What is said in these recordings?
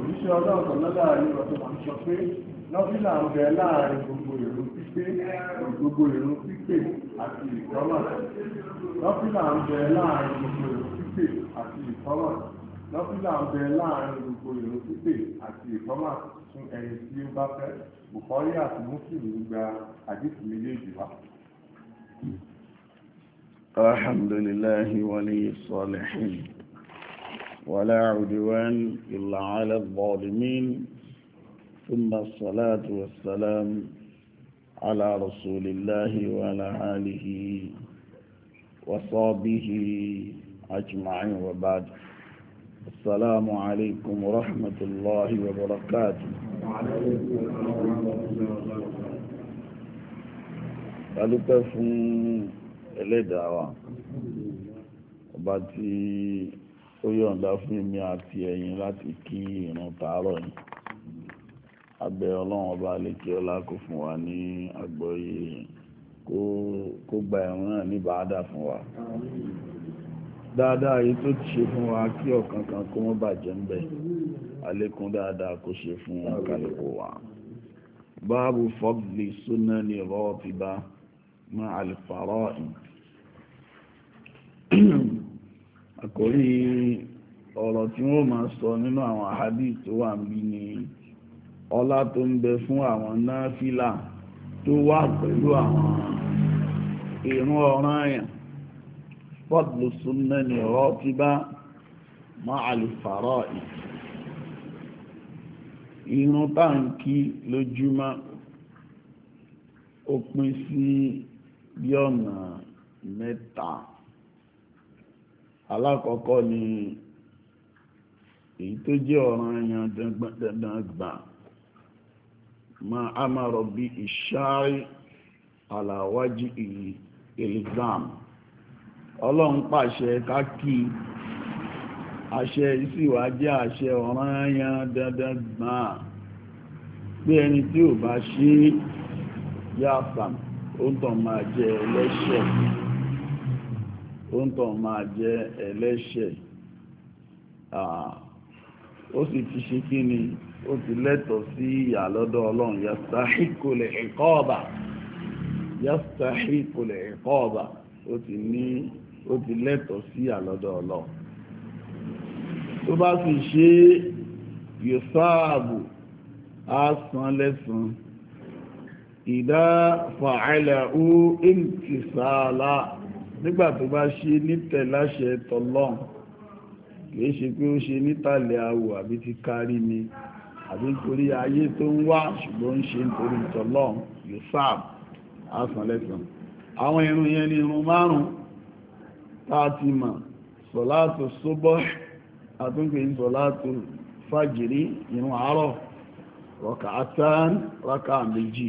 òṣìṣẹ́ ọlọ́run tọ̀nà láàrin ọ̀tọ̀ máa ń sọ pé nọ́fílà ń bẹ láàrin gbogbo ìrun pípé gbogbo ìrun pípé àti ìtọ́mọ̀ nọ́fílà ń bẹ láàrin gbogbo ìrun pípé àti ìtọ́mọ̀ nọ́fílà ń bẹ láàrin gbogbo ìrun pípé àti ìtọ́mọ̀ fún ẹni tí ó bá fẹ́ bùkọ́rí àti mùsùlùmí gba àdìsí méjèèjì wá. الحمد لله ولي الصالحين ولا عدوان إلا على الظالمين ثم الصلاة والسلام على رسول الله وعلى آله وصحبه أجمعين وبعد السلام عليكم ورحمة الله وبركاته Adúpẹ́ fún ẹlẹ́dàá wa, ọba ó yọ̀ǹda fún èmi àti ẹ̀yin láti kí ìrun tàárọ̀ yìí abẹ́ ọlọ́run ọba àlekè ọlá kò fún wa ní àgbọ́yé kó gba ẹ̀rùn náà ní bàádà fún wa dáadáa yìí tó ti ṣe fún wa kí ọ̀kan kan kó mọ́ bàjẹ́ ń bẹ̀ àlékún dáadáa kó ṣe fún kálukú wa báàbù fọ́gbì súná ní rọ́ọ̀tì bá máa àlùfàrọ́ọ̀ì àkórí ọ̀rọ̀ tí wọ́n máa sọ nínú àwọn àhádì tó wà ń bí ni ọlá tó ń bẹ fún àwọn náfìlà tó wà pẹ̀lú àwọn ìrun ọ̀ranyàn fọ́dùlù súnmọ́ ni ọ̀rọ̀ tí bá máa àlùfàrọ̀ ìrun táǹkì lójúmọ́ ó pín sí bí ọ̀nà mẹ́ta. alákọ̀ọ́kọ́ ni èyí tó jẹ́ ọ̀ràn ẹ̀yàn dandan gbà ma a máa rọ̀ bí ìṣáárí àlàwájú ìlìzàm ọlọ́run pàṣẹ káàkì àṣẹ ìsìwà àṣẹ ọ̀ràn ẹ̀yàn dandan gbà pé ẹni tí ò bá ṣe yáàfàm ó tàn máa jẹ ó ń tàn máa jẹ́ ẹlẹ́ṣẹ̀ ó sì ti ṣe kí ni ó ti lẹ́tọ̀ọ́ sí ìyà lọ́dọ̀ ọlọ́run yastahiqul iqaba yastahiqul iqaba ó ó ti lẹ́tọ̀ọ́ sí ìyà lọ́dọ̀ ọlọ́run tó bá sì ṣe yòsáàbù á san lẹ́san ìdá fa'ala ó ìmtìsáàlá nígbà tó bá ṣe nítẹ̀láṣẹ tọlọ́n kìí ṣe pé ó ṣe nítàlẹ̀ awò àbí ti kárí ni àbí nítorí ayé tó ń wá ṣùgbọ́n ń ṣe nítorí tọlọ́n yóò sáàbù àsàn lẹ́sàn àwọn irun yẹn ni irun márùn tá a ti mọ̀ sọ̀látò sóbọ́ àtúnkè sọ̀látò fàjìrí irun àárọ̀ rọ̀kà àtàn rákà méjì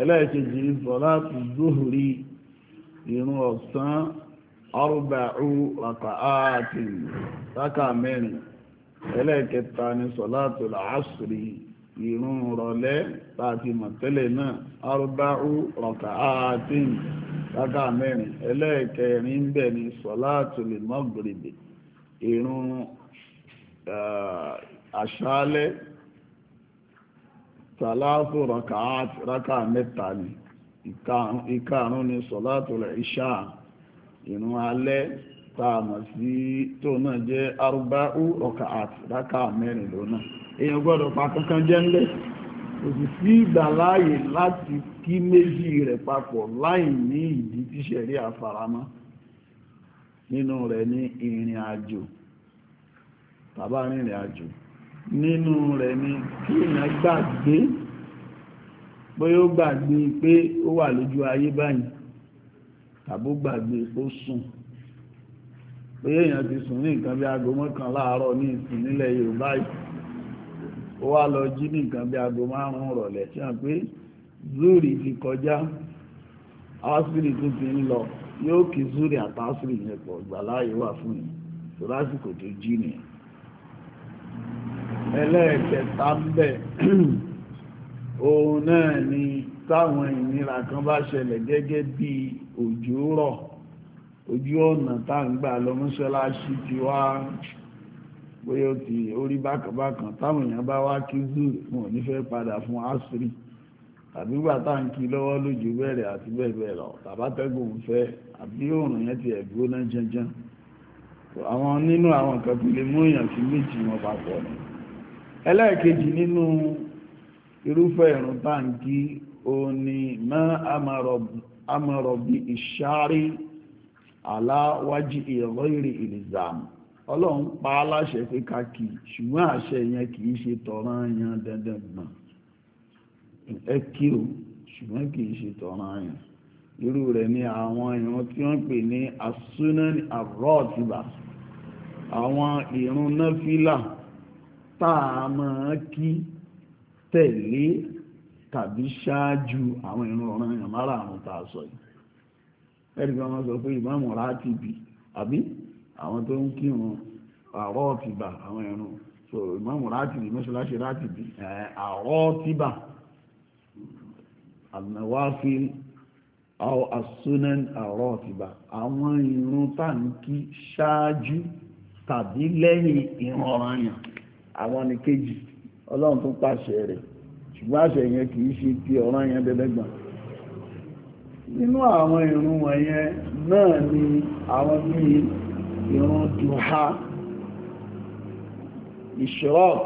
ẹlẹ́ẹ̀kejì sọ̀látò zuhuri ìrun ọ̀sán arba'u raka'atin rákà mẹ́rin ẹlẹ́ẹ̀kẹta ni sọ̀látò làásùrì ìrun rọ̀lẹ́ láti mọ̀tẹ́lẹ̀ náà arba'u raka'atin rákà mẹ́rin ẹlẹ́ẹ̀kẹrin bẹ̀ ni sọ̀látò lè mọ́gbèrèdè ìrun àṣálẹ́ sàlátò raka'at rákà mẹ́ta ni ìkarùn ni sọ̀látùl ìṣà ìrun alẹ́ mọ̀ sí tó náà jẹ́ arúgbáú ọkà àti rákà mẹ́rin náà èyàn gbọ́dọ̀ pa kankan jẹ́ ńlẹ̀ kò sì sí ìgbàláyè láti kí méjì rẹ̀ papọ̀ láì ní ìdí nínú rẹ̀ ní ìrìn àjò nínú rẹ̀ ní kí bóyá ó gbàgbé pé ó wà lójú ayé báyìí tàbó gbàgbé ó sùn bóyá èèyàn ti sùn ní nǹkan bí aago mọ́kàn láàárọ̀ ní ìsìn nílẹ̀ Yorùbá yìí ó wá lọ jí ní nǹkan bí aago márùn-ún rọ̀lẹ́ tí wọ́n pé zuri ti kọjá asiri tó ti ń lọ yóò kí zuri àtàsiri yẹn pọ̀ ìgbàláyé wà fún yìí tó lásìkò tó jí nìyẹn ẹlẹ́ẹ̀kẹta ń bẹ̀ òun náà ni táwọn ìnira kan bá ṣẹlẹ̀ gẹ́gẹ́ bí òjò rọ̀ ojú ọ̀nà tá ń gbà lọ mọ́ṣáláṣí ti wá bóyá ó ti orí bákàbákan táwọn èèyàn bá wá kí zoo wọn ò ní fẹ́ padà fún asiri tàbí gbà tá ń kí lọ́wọ́ lójú bẹ̀rẹ̀ àti bẹ́ẹ̀ bẹ́ẹ̀ lọ tàbátẹ́gùn fẹ́ àbí òòrùn yẹn ti ẹ̀gbóná jẹjẹn àwọn nínú àwọn kan tó lè mú èèyàn sí méjì wọn papọ̀ ni ẹlẹ́ẹ̀kejì nínú irúfẹ́ ìrun báǹkì òní mọ́ amọ̀rọ̀bì ìṣáárí aláwájí ìrọ̀ ìrì ìlìzàmù ọlọ́run pa á láṣẹ pé ká kì í ṣùgbọ́n àṣẹ yẹn kì í ṣe tọ̀ràn yẹn dandan gbọ̀n ẹ kí o ṣùgbọ́n kì í ṣe tọ̀ràn yẹn irú rẹ̀ ni àwọn ìrun tí wọ́n pè ní asunan arọ́ọ̀tìbà àwọn ìrun náfìlà tá a máa kí tẹ̀lé tàbí ṣáájú àwọn ìrun ọ̀ràn èèyàn mára àrùn tá a sọ yìí ẹ̀rí kan wọ́n sọ pé ìmáàmù ráàtìbì àbí àwọn tó ń kírun àrọ́ ọ̀tìbà àwọn ìrun so ìmáàmù ráàtìbì mọ́ṣáláṣí ráàtìbì àrọ́ ọ̀tìbà ànàwáfíì àwọn àsúnan àrọ́ ọ̀tìbà àwọn ìrun táǹkì ṣáájú tàbí lẹ́yìn ìrun ọ̀ràn èèyàn àwọn ni kejì ọlọ́run tún pàṣẹ rẹ̀ ṣùgbọ́n àṣẹ yẹn kì í ṣe ti ọ̀ràn yẹn dẹ́dẹ́gbọ̀n nínú àwọn ìrun wọ̀nyẹn náà ni àwọn bíi ìrun duha ìṣirọ́k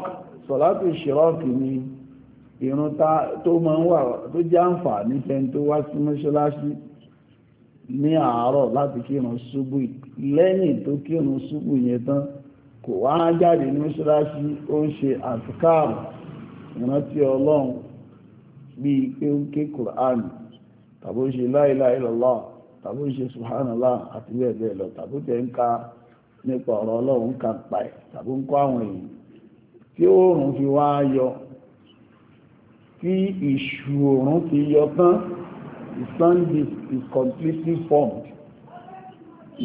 sọ̀látù ìṣirọ́k ni ìrun tó máa ń wà tó jẹ́ àǹfààní fẹ́ni tó wá sí mọ́ṣáláṣí ní àárọ̀ láti kírun ṣubú lẹ́yìn tó kírun ṣubú yẹn tán kò wá jáde ní mọ́ṣáláṣí ó ń ṣe àfikáàrù ìrántí ọlọ́run bíi pé ó ké Qur'an tàbí ó ṣe la ilaha illallah tàbí ó ṣe subhanallah àti bẹ́ẹ̀ bẹ́ẹ̀ lọ tàbí ó tẹ̀ ń ka nípa ọ̀rọ̀ ọlọ́run ká pa ẹ̀ tàbí ń kọ́ àwọn èèyàn tí oòrùn fi wá yọ tí ìṣù oòrùn fi yọ tán the is completely formed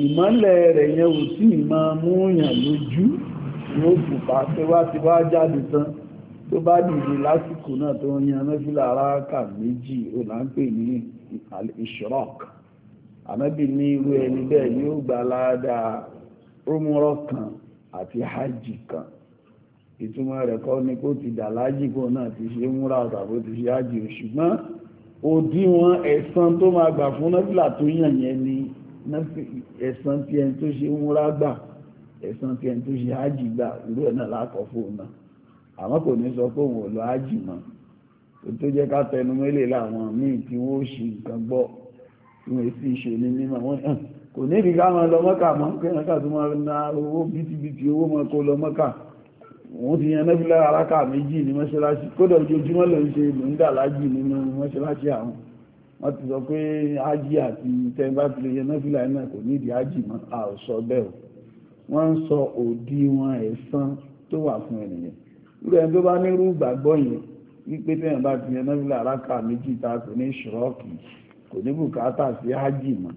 ìmọ́lẹ̀ rẹ̀ yẹn ò tí ìmọ̀ múyàn lójú ní ó fùpá tí wá ti wá jáde tán tó bá dìde lásìkò náà tó ń yan mẹ́fílà aráàkà méjì ò là ń pè ní ìṣọ́ọ̀k ànábì ní irú ẹni bẹ́ẹ̀ yóò gba ládàá rómúrọ̀ kan àti hajj kan ìtumọ̀ rẹ̀ kọ́ ni kó ti dà lájì kó náà ti ṣe múra ọ̀tàbó ti ṣe hajj ṣùgbọ́n òdiwọ̀n ẹ̀san tó máa gbà fún nọ́fílà tó yàn yẹn ni ẹ̀sán tí ẹni tó ṣe umra gbà ẹ̀sán tí ẹni tó ṣe hajj gbà irú ẹ̀ náà lákọ̀ fún un náà àmọ́ kò ní sọ pé òun ò lọ hajj mọ́ tó jẹ́ ká tẹnu mẹ́lẹ̀ láwọn míì tí wọ́n ṣe nǹkan gbọ́ tí wọ́n sì ṣe ní mímọ́ wọ́n hàn kò ní ìdí káwọn lọ mọ́kà mọ́ kẹ́yàn ká tó máa na owó bítíbitì owó mọ́ kó lọ mọ́kà wọ́n ti yan nẹ́fílẹ́ aráka méjì ní mọ́ṣáláṣí kódà ojoojúmọ́ ló ń ṣe ló lájì nínú mọ́ṣáláṣí àwọn wọ́n ti sọ pé ájì àti tẹ́ńbà ti lè yẹ náfìlà náà kò ní ìdí ájì mọ́ a ò sọ bẹ́ẹ̀ o wọ́n ń sọ òdiwọ̀n ẹ̀san tó wà fún ènìyàn irú ẹni tó bá nírú ìgbàgbọ́ yẹn wípé tẹ́yàn bá ti yẹ náfìlà aráka méjì ta kò ní ṣọ́ọ̀kì kò ní bùkátà sí ájì mọ́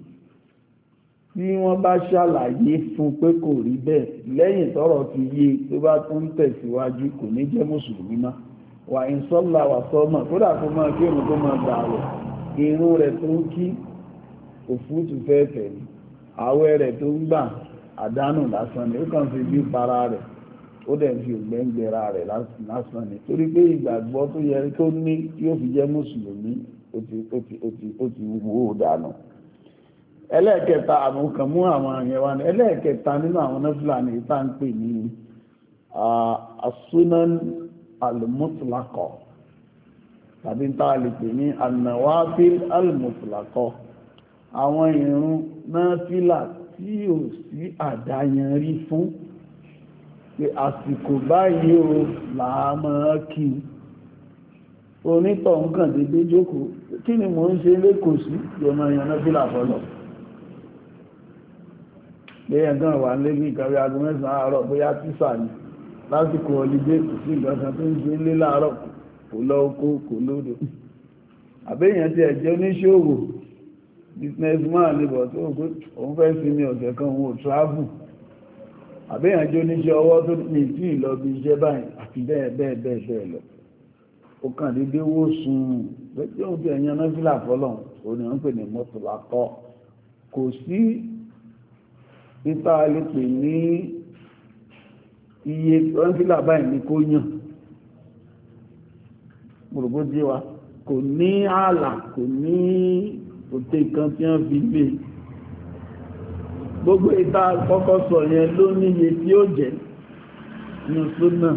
bí wọ́n bá ṣàlàyé fún pé kò rí bẹ́ẹ̀ lẹ́yìn tọ́rọ̀ ti yé e, tó bá tún ń tẹ̀síwájú kò ní jẹ́ mùsùlùmí má wà ń sọ́lá wà sọ́mọ̀ kódà kó máa kí òun tó máa gbà rẹ̀ irun rẹ̀ tó ń kí òfútù fẹ́ẹ̀fẹ́ ni àwẹ̀ rẹ̀ tó ń gbà àdánù lásán ni ó kàn fi bí para rẹ̀ ó dẹ̀ fi ògbẹ́ngbẹ̀ra rẹ̀ lásán ni torí pé ìgbàgbọ́ tó yẹ tó ní yóò fi jẹ́ mùsùlùmí ó ti ó ó dànù ẹlẹ́ẹ̀kẹta àwọn kan mú àwọn àyẹ̀ wa ni ẹlẹ́ẹ̀kẹta nínú àwọn nọ́fìlà ni ìta ń pè ní asúnan almutlakọ̀ tàbí tá a lè pè ní anawafil almutlakọ àwọn ìrun náfìlà tí ò sí àdáyanrí fún pé àsìkò báyìí o làá máa kí onítọ̀ nǹkan dédé jókòó kí ni mò ń ṣe lẹ́kọ̀ọ́ sí yọmọ ìyànà fílà fọ́lọ̀ lẹ́yìn náà wà lé ní ìkàrí aago mẹ́sàn-án àárọ̀ bóyá tísà ni lásìkò ọlídé kò sí ìgbàsán tó ń ṣe lé láàárọ̀ kò lọ oko kò lódò àbẹ́yàn ti ẹ̀jẹ́ oníṣòwò businessman ni bọ̀ tó ògbó òun fẹ́ sinmi ọ̀sẹ̀ kan òun ò travel àbẹ́yàn jẹ́ oníṣẹ́ ọwọ́ tó ní ìtì ìlọ bí iṣẹ́ báyìí àti bẹ́ẹ̀ bẹ́ẹ̀ bẹ́ẹ̀ bẹ́ẹ̀ lọ ó kàn dédé wó sun lọ́jọ́ òun ti ẹ̀yàn náà fílà fọ́lọ́hún òun ni wọ́n pè ní mọ́tò látọ́ kò sí títà lè pè ní iye wọ́n fílà báyìí ni kó yàn gbòrògbòdì wa kò ní ààlà kò ní òtẹ́ kan tí wọ́n fi gbé gbogbo ìta kọ́kọ́ sọ yẹn ló níye tí ó jẹ́ ní oṣù náà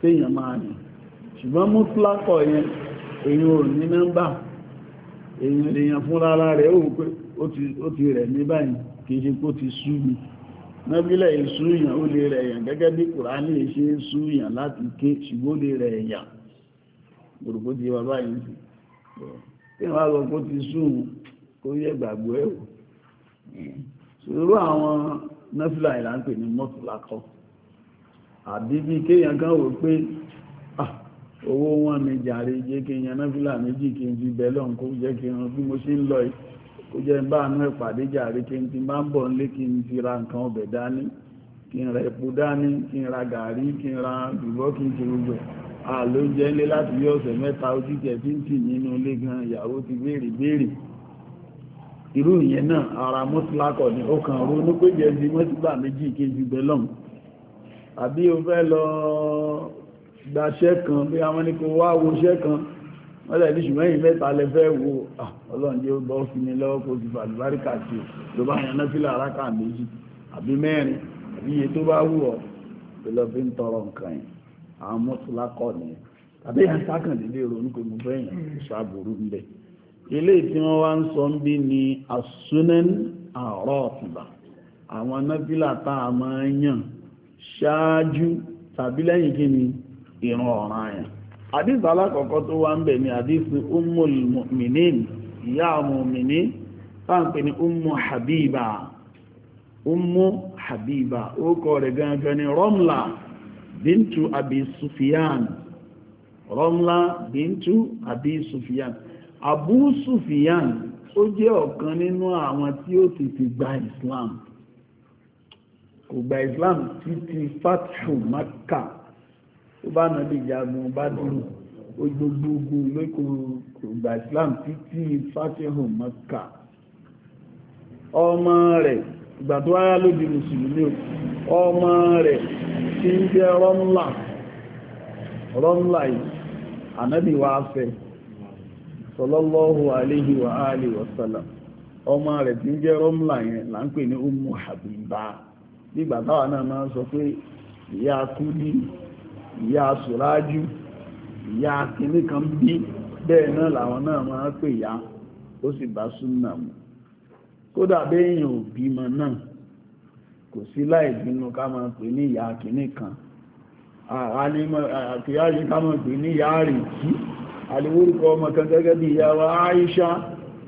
téèyàn máa rìn ṣùgbọ́n mú fúlákọ̀ yẹn èyàn ò ní nọ́mbà èyàn èyàn fún rárá rẹ̀ ó pé ó ti rẹ̀ ní báyìí kìí ṣe kó ti sú mi nọ́bílẹ̀ ìsúyàn ó lè rẹ̀ èyàn gẹ́gẹ́ bí kùránì ṣe ń súyàn láti ké ṣùgbọ́n ó lè rẹ̀ èyàn gbòrògbò ti wà báyìí tí wọ́n lọ kó ti sùn kó yẹ gbàgbọ́ ẹ̀ wò ṣòro àwọn nọ́fìlà ìlà ń pè ní mọ́tòlákọ́ àbí bí kéèyàn kan wò pé ah, owó wọn ni jàre jẹ́ kí èèyàn nọ́fìlà méjì kí n fi bẹ́ẹ̀ lọ́n kó jẹ́ kí n bí mo ṣe ń lọ kó jẹ́ bá àánú ẹ̀ pàdé jàre kí n ti máa ń bọ̀ nílé kí n ti ra nǹkan ọbẹ̀ dání kí n ra epo dání kí n ra gàrí kí n ra dùbọ́ kí n ti gbogbo àló jẹ́ ńlé láti bí ọ̀sẹ̀ mẹ́ta ojú jẹ́ tí ń tì nínú ilé gan ìyàwó ti béèrè béèrè irú ìyẹn náà ara mọ́sílákọ̀ ni ó kàn ronú pé jẹ́ di mọ́sílá méjì kejì bẹ́lọ̀n àbí o fẹ́ lọ gbaṣẹ́ kan bí a wọ́n ní kó wá woṣẹ́ kan wọ́n lẹ̀ ní ṣùgbọ́n yìí mẹ́ta lẹ fẹ́ wo ọlọ́run jẹ́ bọ́ fi mi lọ́wọ́ kó ti bàlùbáríkà sí o ló bá yan náfìlà aráka méjì àbí mẹ́rin àbí iye tó bá wù ọ́ ló lọ fi ń tọrọ nǹkan yìí àwọn mọ́tòlákọ̀ ya. tàbí yàn sákàndínlé ronú pé mo fẹ́ ilé tí wọ́n wá ń sọ ń bí ni asunan àrọ́ọ̀tìbà àwọn náfìlà tá a máa ń yàn ṣáájú tàbí lẹ́yìn kí ni ìran ọ̀ràn àyàn ìyá táǹpẹ̀ ummu habiba ummu habiba ó rẹ̀ gangan bíntù àbí sufiyan rọ́mlá bíntù àbí sufiyan àbú sufiyan ó jẹ́ ọ̀kan nínú àwọn tí ó tètè gba islam kò gba islam títí fatu maka tó bá náà lè jagun bá dúró ó gbogbogbò lókòó kò gba islam títí fatu maka ọmọ rẹ̀ ìgbà tó di mùsùlùmí ọmọ rẹ̀ tí ń jẹ́ rọ́nlà rọ́nlà yìí ànábì wa fẹ́ sallallahu alayhi wa alihi wa ọmọ rẹ̀ tí ń jẹ́ rọ́nlà yẹn là ń pè ní Ummu Habiba nígbà táwa náà máa sọ pé ìyá ìyá ìyá kan bí bẹ́ẹ̀ náà làwọn náà máa pè ya ó sì bá súnà mu kódà bẹ́ẹ̀ kò sí láì bínú ká máa pè ní ìyá kìíní kan àkìyàrí ká máa pè ní ìyá rì kí àlewórúkọ ọmọ kan gẹ́gẹ́ bí ìyàwó Aisha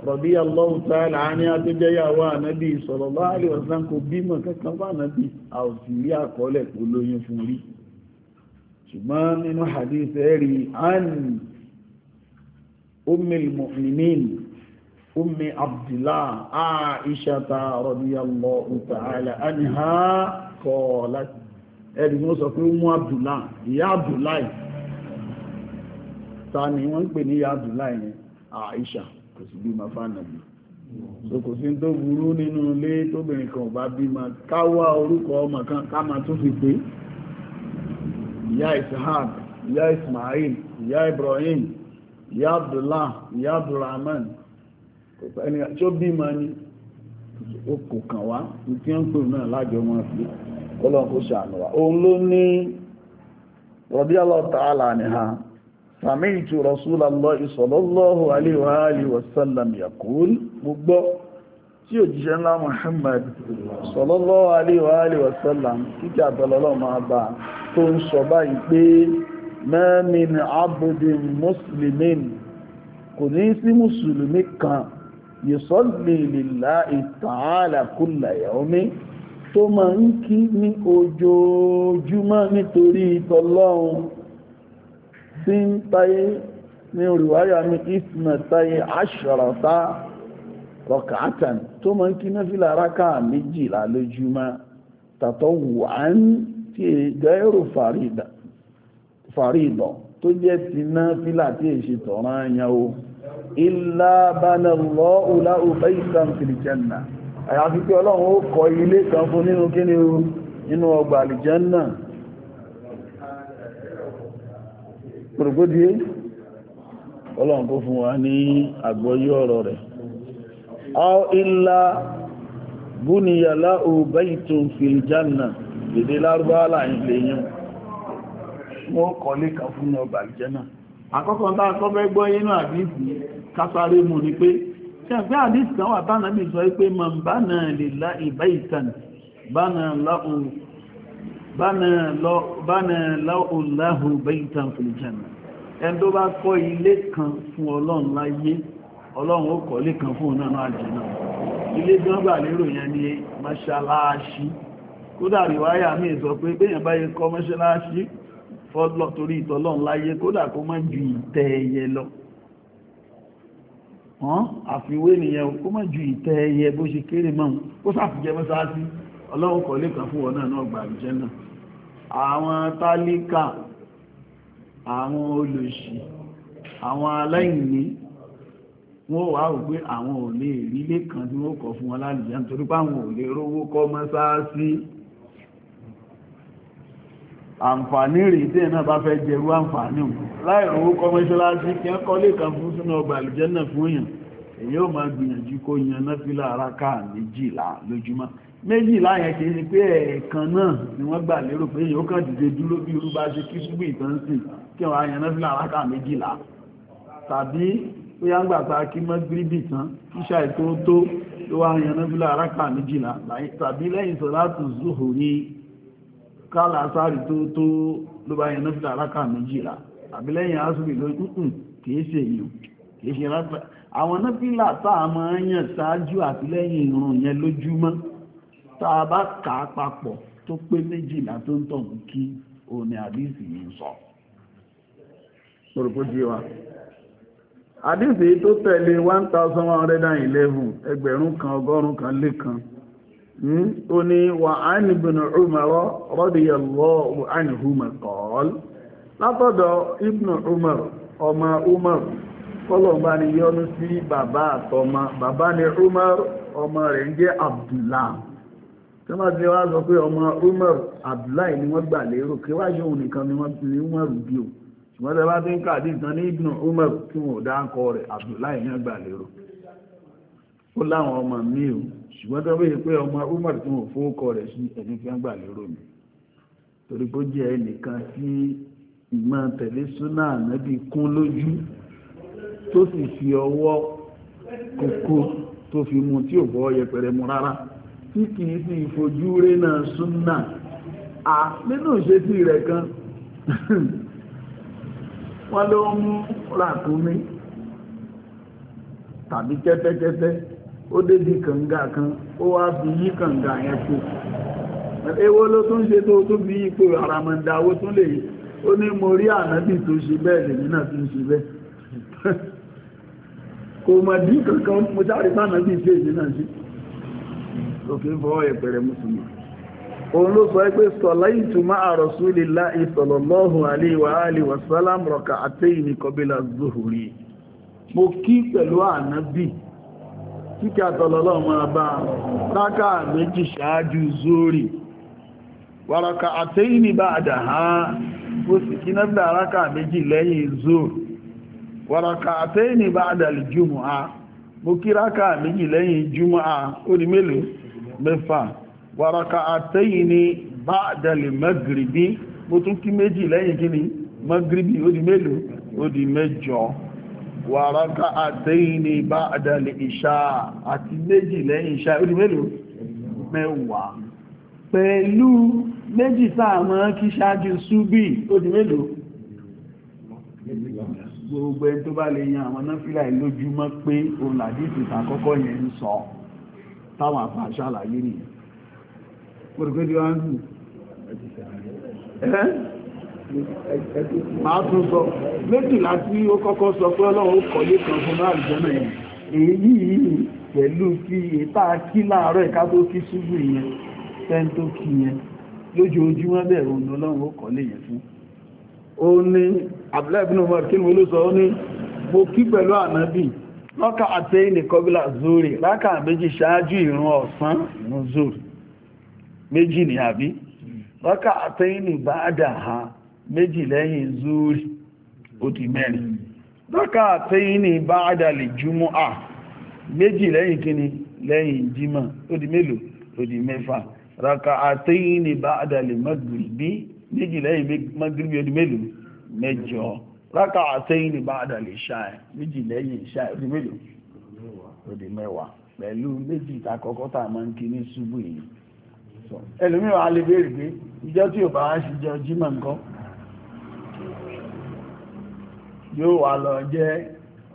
radiyallahu ta'ala anha tó jẹ́ ìyàwó ànábì sallallahu kò bímọ kankan bá ànábì a ò sì rí àkọọ́lẹ̀ kó lóyún fún rí ṣùgbọ́n nínú hadith ẹ̀rí an ummil mu'minin أم عبد الله عائشة رضي الله تعالى عنها قالت ẹ̀rì wọ́n sọ pé mú Abdullah ìyá Abdullah ta ni wọ́n ń pè ní ìyá Abdullah yẹn Àìṣà kò sí bí ma fánàbí so kò sí tó burú nínú ilé tóbìnrin kan bá bí ma káwà orúkọ ọmọ kan ká ma tún fi pé ìyá Ishaq ìyá Ismail ìyá Ibrahim ìyá Abdullah ìyá Abdulrahman ẹni tí ó bí ma ní okò kàn wá tí ó ń pè náà lájọ wọn fi kọ́lọ́n kó ṣàánú wa òun ló ní radiyallahu ta'ala anha sami'tu rasulallahi sallallahu alaihi wa sallam yaqul mo gbọ́ tí òjíṣẹ́ ńlá Muhammad sallallahu alaihi wa sallam kíkẹ́ àtọ́lọ́lọ́ máa bá tó ń sọ báyìí pé ma min muslimin kò ní sí mùsùlùmí kan yùsọ́lì lillahi ta'ala kulla yawmi tó máa ń kí ní ojoojúmọ́ nítorí ìtọ́lọ́run sí ń táyé ní olùwárí àmì ìsìnà táyé aṣọ̀rọ̀ta rọ̀kàátàn tó máa ń kí ní fílà rákà méjìlá lójúmọ́ tàtọ̀ wàn tí gẹ́rù fàrídọ̀ tó jẹ́ ti ná fílà tí èṣe tọ̀rán ayáwó ìlà banàlọ́ òlà òfẹ́ ìsàn fìlìjẹ́nà àyàfi pé ọlọ́run ó kọ́ ilé kan fún nínú kíni nínú ọgbà àlìjẹ́nà pòrògbódìé ọlọ́run kó fún wa ní àgbọ́yé ọ̀rọ̀ rẹ̀ ọ ìlà búniyàlá òbẹ́ ìtùn fìlìjẹ́nà lèdè lárúbáwà láàrin lèyàn wọ́n kọ́ kan fún ọgbà àlìjẹ́nà àkọ́kọ́ bá kọ́fẹ́ gbọ́ inú àdísì kásáré mú ni pé ṣẹ̀fẹ́ àdísì kan wà tánà bí sọ pé mọ̀ bá náà lè lá ìbá ìtàn bá náà láhùn láhùn bá ìtàn fìlìjànà ẹn tó bá kọ́ ilé kan fún ọlọ́run láyé ọlọ́run ó kọ́ ilé kan fún náà àjẹ́nà ilé tí wọ́n gbà lérò yẹn ni mọ́ṣáláṣí kódà ríwáyà míì sọ pé béèyàn báyé fọ́lọ̀ torí ìtọ́lọ́n láyé kódà kó má ju ìtẹ́ ẹyẹ lọ hàn àfiwé nìyẹn kó má ju ìtẹ́ ẹyẹ bó ṣe kéré mọ́ kó sáfìjẹ mọ́sáàtì ọlọ́run kọ̀ lẹ́kàn fún ọ̀nà náà gbà jẹ́ náà àwọn tálíkà àwọn olòṣì àwọn aláìní wọ́n wá rò pé àwọn ò lè rí lẹ́kàn tí wọ́n kọ̀ fún wọn lálùjẹ́ nítorí pé àwọn ò lè rówó kọ́ mọ́sáàtì àǹfààní rí tí ẹ̀nà bá fẹ́ jẹrú àǹfààní láìrówó kọmọ́ṣọ́láṣí kí ẹkọ́ lè kan fún sínú ọgbà àlùjẹ́nà fún èèyàn èyí ó máa gbìyànjú kó yan náfílà àràká méjìlá lójúmọ́ méjìlá yẹn kì í ni pé ẹ̀ẹ̀kan náà ni wọ́n gbà lérò pé èyí ó kàn dìde dúró bí irú bá ṣe kí súgbì ìtàn sí kí wọ́n yan náfílà àràká méjìlá tàbí ó yá ń gbà pa kí mọ́ gíríbì tán kíṣà ètò tó ló wá yan náfílà àràká méjìlá tàbí lẹ́yìn sọ̀látù zuhuri kálà sáàrì tó tó ló bá yẹn náfílà alákà méjìlá àbílẹ́yìn asùnmí ló kùkùn kìí ṣe èyàn kìí ṣe rápá àwọn náfílà táà máa ń yàn ṣáájú àbílẹ́yìn ìrun yẹn lójúmọ́ táà bá kà á papọ̀ tó pé méjìlá tó ń tàn kí òní àdíìsì yìí sọ. Mọ̀rùkú wa. Àdíìsì tó tẹ̀lé 1111 ẹgbẹ̀rún kan ọgọ́rùn-ún kan lé kan. oni hmm? wa ani ibn umar radiyallahu anhuma ọmọ kọlọ̀mbá ni yọ́nú sí bàbá àtọmọ bàbá ni umar ọmọ rẹ̀ ń jẹ́ abdullah tí wọ́n ti wá sọ pé ọmọ umar abdullah ni wọ́n gbà lérò kí wá yóò nìkan ni wọ́n ni bí o ṣùgbọ́n tí ti ń kàdí ìtàn ní tí wọ́n dá ń kọ rẹ̀ ni wọ́n gbà lérò ó láwọn ọmọ mi ò ṣùgbọ́n tó wéyẹ pé ọmọ Umar tí wọ́n fowókọ rẹ̀ sí ẹni fi ń gbà lérò mi torí pé ó jẹ́ ẹnìkan tí ìmọ̀ tẹ̀lé súnà ànábì kún lójú tó sì fi ọwọ́ kókó tó fi mu tí ò bọ́ yẹpẹrẹ mu rárá tí kì í sì fojú rí náà súnà à nínú ìṣesí rẹ̀ kan wọ́n ló mú ràkúnmí tàbí kẹ́tẹ́kẹ́tẹ́ ó débi kànga kan ó wá fi yí kànga yẹn kú ewó ló tún ṣe tó tún bí ipò àràmọ̀dà owó tún lè ó ní mo rí ànábì tó ṣe bẹ́ẹ̀ lèmi náà tún ṣe bẹ́ẹ̀ kò mọ̀ dí kankan mo sáré fánàbì tí èmi náà ṣe òkè fọwọ́ mùsùlùmí òun ló sọ pé ìtumá ní kọbílà mo kíkẹ́ àtọ̀lọ́lọ́ máa bá rákà méjì ṣáájú zóòrì wàràkà àtẹ́yìn ní bá àdáhá ó sì kí náà rákà méjì lẹ́yìn zóòrì wàràkà àtẹ́yìn ní bá àdàlì jùmọ̀ a mo kí rákà méjì lẹ́yìn jùmọ̀ a ó ní mélòó mẹ́fà wàràkà àtẹ́yìn ní wàrọ́kà àtẹ́yìnì bá àdàlẹ̀ ìṣà àti méjì lẹ́yìn ìṣà ó di mélòó mẹ́wàá pẹ̀lú méjì sáàmọ́ kí ṣáájú ṣúbì ó di mélòó gbogbo ẹni tó bá lè yan àwọn náfílà ìlójúmọ́ pé òun làdíìsì tàkọ́kọ́ yẹn ń sọ táwọn àpá ṣàlàyé nìyẹn máa tún sọ méjìlá tí ó kọ́kọ́ sọ pé ọlọ́run kọ̀ lé kan fún náà ìjọ́nà yìí èyí yìí pẹ̀lú kí ètà kí láàárọ̀ ìká tó kí ṣúgbù ìyẹn tẹ́ń tó kí yẹn lójoojúmọ́ bẹ̀rù ọlọ́run ó kọ̀ lé yẹn fún ó ní abúlẹ́bìnú mọ̀ kí mo ló sọ ó ní mo kí pẹ̀lú ànábì lọ́kà àtẹ́yìn ní kọbílà zórí ha méjì lẹ́yìn zuri ó di mẹ́rin rákà àtẹ́yìn ní bá àdàlè jùmọ́ à méjì lẹ́yìn kíni lẹ́yìn jímọ̀ ó di mélòó ó di mẹ́fà rákà àtẹ́yìn ní bá àdàlè magribi méjì lẹ́yìn magribi ó di mélòó mẹ́jọ rákà àtẹ́yìn ní bá àdàlè ṣáà méjì lẹ́yìn ṣáà ó di mélòó ó di mẹ́wàá pẹ̀lú méjì ìtàkọ́kọ́ máa ń kí ṣubú yìí ẹlòmíràn a lè béèrè pé ìjọ tí ò bá wá ṣe jọ jímọ̀ nǹkan yóò wà lọ jẹ́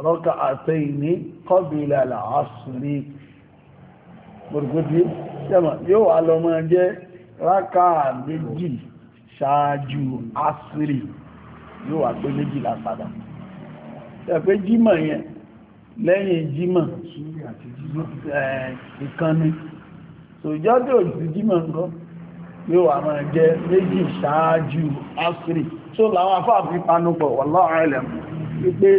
rọ́kà àtẹ́yìní kọ́bílẹ̀ àlàásùrí gbogbogbò yóò wà lọ mọ́ jẹ́ rákà méjì ṣáájú àsìrì yóò wà pé méjìlá padà ẹ̀pẹ́ jímọ̀ yẹn lẹ́yìn jímọ̀ ìkanni tòjọ́dọ̀ ìsìjímọ̀ nǹkan yóò wà mọ́ jẹ́ méjì ṣáájú àsìrì tó làwọn afá fi panupọ̀ wallahu alam wípé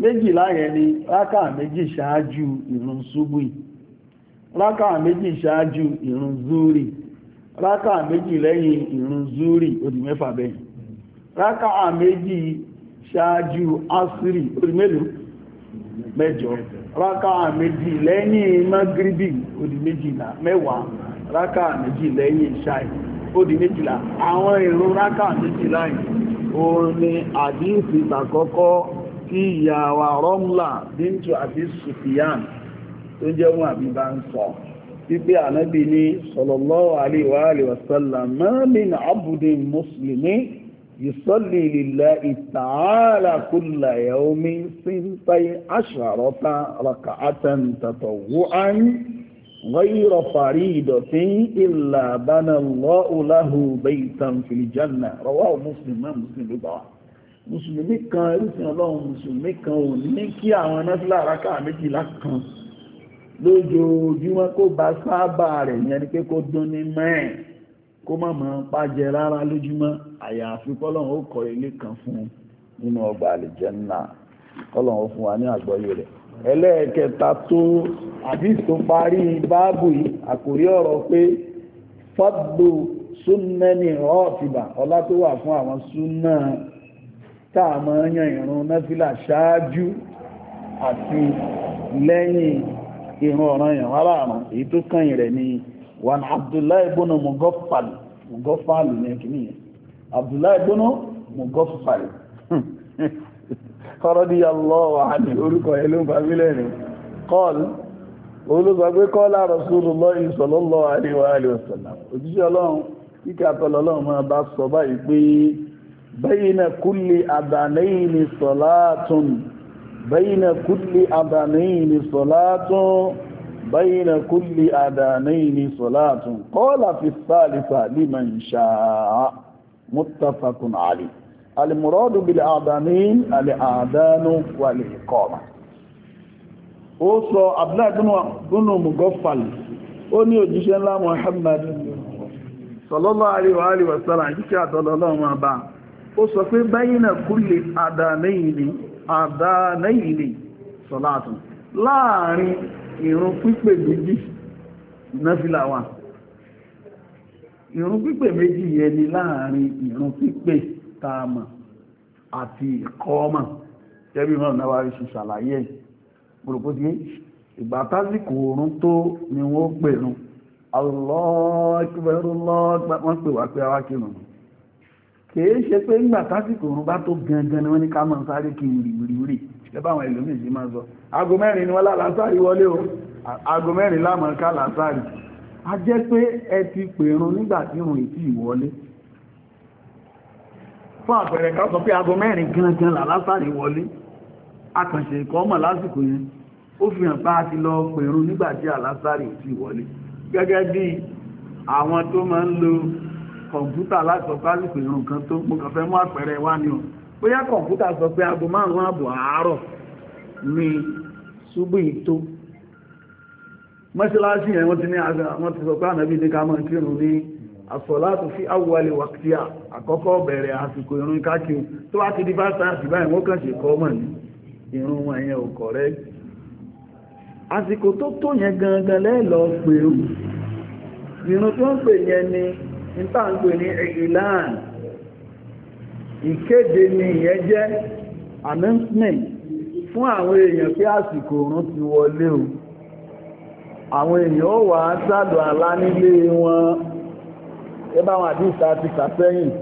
méjìlá ni rákà méjì ṣáájú ìrun ṣubú rákà méjì ṣáájú zúrì rákà méjì lẹ́yìn ìrun zúrì ó mẹ́fà bẹ́yìn rákà méjì ṣáájú asiri ó di mẹ́jọ rákà méjì lẹ́yìn magribi ó di méjìlá àwọn ìrun rákà méjìlá yìí òun ni àdíìsì tàkọ́kọ́ tí ìyàwó rọ́mùlà bíntu àti sùfìyàn tó jẹ́ wọn àbí bá ń sọ wípé ànábì ní sallallahu alaihi wa alihi wa sallam ma min abdin mùsùlùmí yusalli غير فريدة إلا بنى الله له بيتا في الجنة رواه مسلم ما مسلم بضعة mùsùlùmí kan ẹrùsìn ọlọ́run mùsùlùmí kan ò ní kí àwọn náfílà rákà méjìlá kan lójoojúmọ́ kó bá sábà rẹ̀ yẹn ni pé kó dún ní mẹ́rin kó má mọ́ pàjẹ rárá lójúmọ́ àyàfi kọ́lọ́run ó kọ́ ilé kan fún nínú ọgbà àlùjánnà kọ́lọ́run ó fún wa ní àgbọ́yé rẹ̀ ẹlẹ́ẹ̀kẹta tó àdìs tó parí báàbù yìí àkórí ọ̀rọ̀ pé fọ́dù súnnẹ́ni ọ̀tìbà ọlá tó wà fún àwọn súnnà táà máa ń yan ìrun náfìlà ṣáájú àti lẹ́yìn ìrun ọ̀ràn yàn aláàrùn èyí tó kàn rẹ̀ ni wọn abdullahi bono mugofal mugofal ní ẹ̀kìníyàn abdullahi bono mugofal tọ́rọ́dí allọ́wà àti orúkọ ẹlú fàmílẹ̀ ni kọ́l olùgbàgbé kọ́lá Rasulullahi sallallahu alaihi wa alihi wasallam òjíṣẹ́ ọlọ́run kíkà tọ́lọ́lọ́run máa bá sọ báyìí pé bayna kulli adhanayni salatun bayna kulli adhanayni salatun bayna kulli adhanayni salatun qala fi thalitha liman sha'a muttafaqun alayh alimurọ́dù bil àdánín alìàdánú wà lè kọ́ọ̀mà ó sọ abúláàdúnù mugọ́fàlì ó ní òjíṣẹ́ ńlá Muhammad sallallahu alaihi wa sallam jíkẹ́ àtọ́lọ́lọ́wọ́n bá ó sọ pé bayna kulli àdánín àdánín salatun láàrin ìrun pípè méjì náfílà wà ìrun pípè láàrin ìrun pípè ìkáàmà àti ìkọ́ọ̀mà tẹ́bí mọ́ náwà rí ṣàlàyé gbogbogbò ìgbà tásìkò oorun tó ni wọ́n pèrún wọ́n pè wá pé awá kírun kìí ṣe pé ńgbà tásìkò oorun bá tó gangan ni wọ́n ní ká mọ̀ sáré kí wìrìwìrì lẹ́bà àwọn ẹlòmíì sí máa sọ aago mẹ́rin ni wọ́n lálàásárì wọlé o aago mẹ́rin lámọ̀ ká làásárì a jẹ́ pé ẹ ti pèrún nígbà tí òun ìtì ìwọlé fún àpẹẹrẹ ká sọ pé aago mẹ́rin gangan làlásàrì wọlé akànṣe ìkọ́mọ̀ lásìkò yẹn ó fi hàn pé a ti lọ pẹ̀rún nígbà tí àlásàrì ò ti wọlé gẹ́gẹ́ bí àwọn tó máa ń lo kọ̀ǹpútà láti sọ pé àlùkò ìrùn kan tó mo kàn fẹ́ mú àpẹẹrẹ wá ní o bóyá kọ̀ǹpútà sọ pé aago márùn-ún àbọ̀ àárọ̀ ni ṣubú ìtó mọ́ṣáláṣí yẹn wọ́n ti ní àwọn ti sọ pé ànábì ní ká máa kírun ní àsọ̀látù fi awwali waqtiha àkọ́kọ́ bẹ̀rẹ̀ àsìkò ìrun kákíù tó wá ti di bá sáàsì báyìí wọ́n kàn ṣe kọ́ mọ̀ ní ìrun wọn yẹn ò correct àsìkò tó tó yẹn gangan lẹ́lọ pé ó tó ń pè yẹn ni níta ní ìlàn ìkéde ni ìyẹn jẹ́ announcement fún àwọn èèyàn pé àsìkò ìrun ti wọlé o àwọn èèyàn ó wà á sálọ àlá nílé wọn tẹ́bá àwọn àdíṣà ti kàfẹ́yìn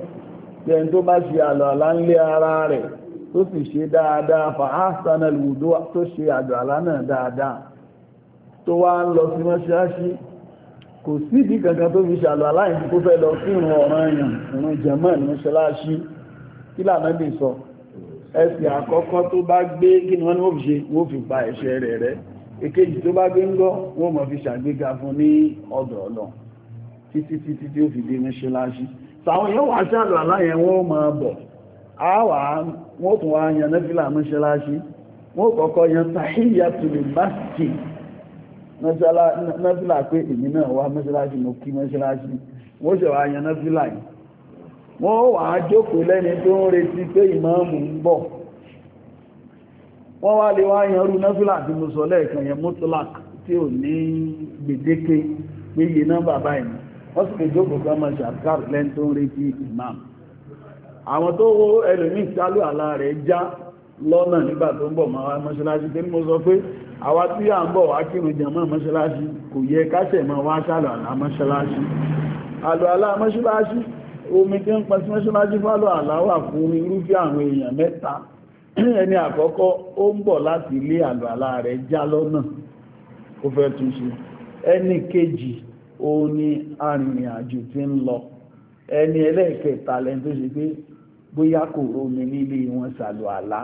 lẹ́yìn tó bá ṣe àlọ́ àlá ń lé ara rẹ̀ tó sì ṣe dáadáa fàásánà lùdó tó ṣe àjọ àlá náà dáadáa tó wá ń lọ sí mọ́ṣáláṣí kò sídìí kankan tó fi ṣàlọ́ aláìsí tó fẹ́ lọ sí ìrun ọ̀ràn èèyàn ìrun jẹ̀mọ́ ní mọ́ṣáláṣí kí lànà bì sọ ẹsẹ̀ àkọ́kọ́ tó bá gbé kí ni wọ́n ní wọ́n fi ṣe wọ́n fi pa ẹ̀ṣẹ̀ rẹ̀ rẹ́ èkejì tó bá gbé ń gọ́ wọ́n mọ̀ fi ṣàgbéga fún ní ọ̀dọ̀ ọlọ́run títí títí tí ó fi dé mọ́ṣáláṣí tàwọn yóò wá ṣàlù aláyẹn wọ́n máa bọ̀ àwà wọ́n tún wá yan nẹ́fìlà mọ́ṣáláṣí wọ́n kọ́kọ́ yan tahiyyatul masjid nẹ́fìlà pé èmi náà wá mọ́ṣáláṣí mo kí mọ́ṣáláṣí wọ́n ṣe wá yan nẹ́fìlà yìí wọ́n wà á jókòó lẹ́ni tó ń retí pé ìmáàmù ń bọ̀ wọ́n wá lè wá yanrú nẹ́fìlà tí mo sọ lẹ́ẹ̀kan yẹn mutulak tí ò ní gbèdéke péye nọ́mbà báyìí wọ́n sì lè jókòó kan máa ṣàkàr lẹ́ni tó ń retí imam àwọn tó wo ẹlòmíì sálù àlá rẹ̀ já lọ́nà nígbà tó ń bọ̀ máa wá mọ́ṣáláṣí tí mo sọ pé àwa tí à ń bọ̀ wá kírun jàmá mọ́ṣáláṣí kò yẹ káṣẹ̀ máa wá sálù àlá mọ́ṣáláṣí àlọ́ àlá mọ́ṣáláṣí omi tí ń pa sí mọ́ṣáláṣí fálọ́ àlá wà fún irúfẹ́ àwọn èèyàn mẹ́ta ẹni àkọ́kọ́ ó ń bọ̀ láti ilé àlọ́ àlá rẹ̀ já lọ́nà ó fẹ́ túnṣe ẹni kejì ó ní arìnrìnàjò tí ń lọ ẹni ẹlẹ́ẹ̀kẹta lẹ́ni tó ṣe pé bóyá kò rómi nílé wọn ṣàlù àlá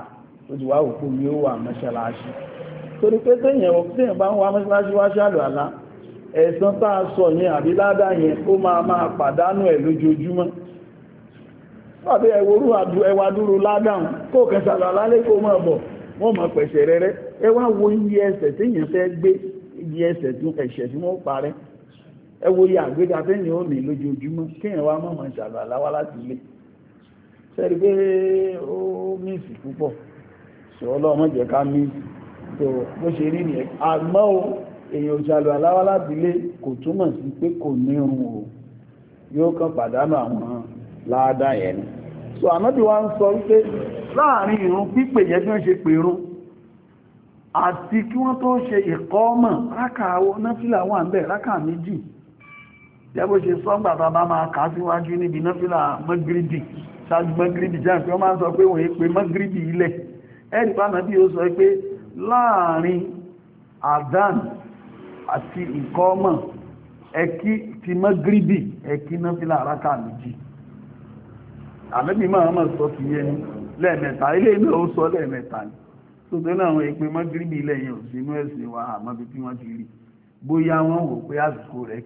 ó ti wá òpó mi ó wà mọ́ṣáláṣí torí pé téèyàn téèyàn bá ń wá mọ́ṣáláṣí wá ṣàlù àlá ẹ̀san tá a sọ yẹn àbí ládá yẹn ó máa máa pàdánù ẹ̀ lójoojúmọ́ pàdé ẹ̀wòrú ẹwà dúró ládáhùn kó kẹsàlù àlá lẹ́kọ̀ọ́ mọ̀ bọ̀ wọ́n mọ̀ pẹ̀ṣẹ̀ rẹ́rẹ́ ẹ wá wo iye ẹsẹ̀ téèyàn fẹ́ gbé iye ẹsẹ̀ tún ẹ̀ṣẹ̀ tí wọ́n parẹ́ ẹ wo iye àgbéga téèyàn ò ní lójoojúmọ́ kéèyàn wá mọ̀mọ́ ṣàlùwàlá wá láti ilé sẹ́ni pé ó míìsì púpọ̀ sọ ọlọ́mọ jẹ́ ká míìsì tó bó ṣe rí nìyẹn àmọ́ èèyàn ṣàlùwàlá wá láti ilé kò túmọ̀ sí pé kò nírun o yóò kàn pàdánù àwọn láàdáa yẹn ni so ànábì wa ń sọ wípé láàrin ìrun pípè yẹn bí wọ́n ṣe pè rún àti kí wọ́n tó ṣe ìkọ́mọ̀ rákà náfìlà wà ń bẹ̀ rákà méjì jẹ́bó ṣe sọ́gbà bàbá máa kà síwájú níbi náfílà mọ́gírídì ṣáájú mọ́gírídì jẹ́ pé wọ́n máa ń sọ pé wọ́n pé mọ́gírídì ilẹ̀ ẹ̀rì pàánà bí ó sọ pé láàrin adan àti ìkọ́mọ̀ ẹ̀kí ti mọ́gírídì ẹ̀kí náfílà aráka méjì àbẹ́bí máa mọ̀ sọ kì í ẹni lẹ́ẹ̀mẹ́ta ilé ilé ó sọ lẹ́ẹ̀mẹ́ta ni tó tó náà wọ́n pé mọ́gírídì ilẹ̀ yẹn ò sínú ẹ̀sìn wa àmọ́ bí wọ́n